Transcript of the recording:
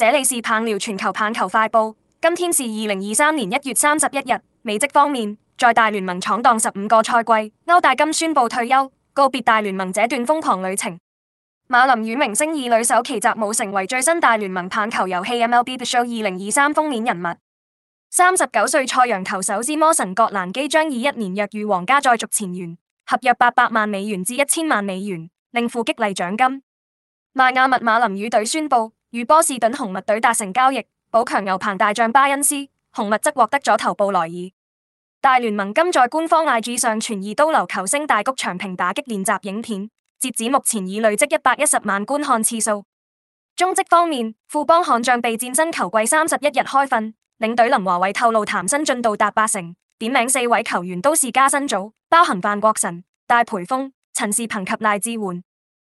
這裏是棒聊全球棒球快報，今天是二零二三年一月三十一日。美職方面，在大聯盟闖蕩十五個賽季，歐大金宣布退休，告別大聯盟這段瘋狂旅程。馬林魚明星二壘手奇澤姆成為最新大聯盟棒球遊戲 MLB The Show 二零二三封面人物。三十九歲賽揚球手斯魔神葛蘭基將以一年約於皇家再續前緣，合約八百萬美元至一千萬美元，另付激勵獎金。邁亞密馬林魚隊宣布。與波士頓紅襪隊達成交易，保強牛棚大將巴恩斯，紅襪則獲得咗投部來意大聯盟今在官方艾 g 上傳移刀流球星大谷長平打擊練習影片，截止目前已累積一百一十萬觀看次數。中職方面，富邦悍將備戰新球季三十一日開訓，領隊林華偉透露談薪進度達八成，點名四位球員都是加薪組，包含范國神、大培峰、陳士鵬及賴志煥。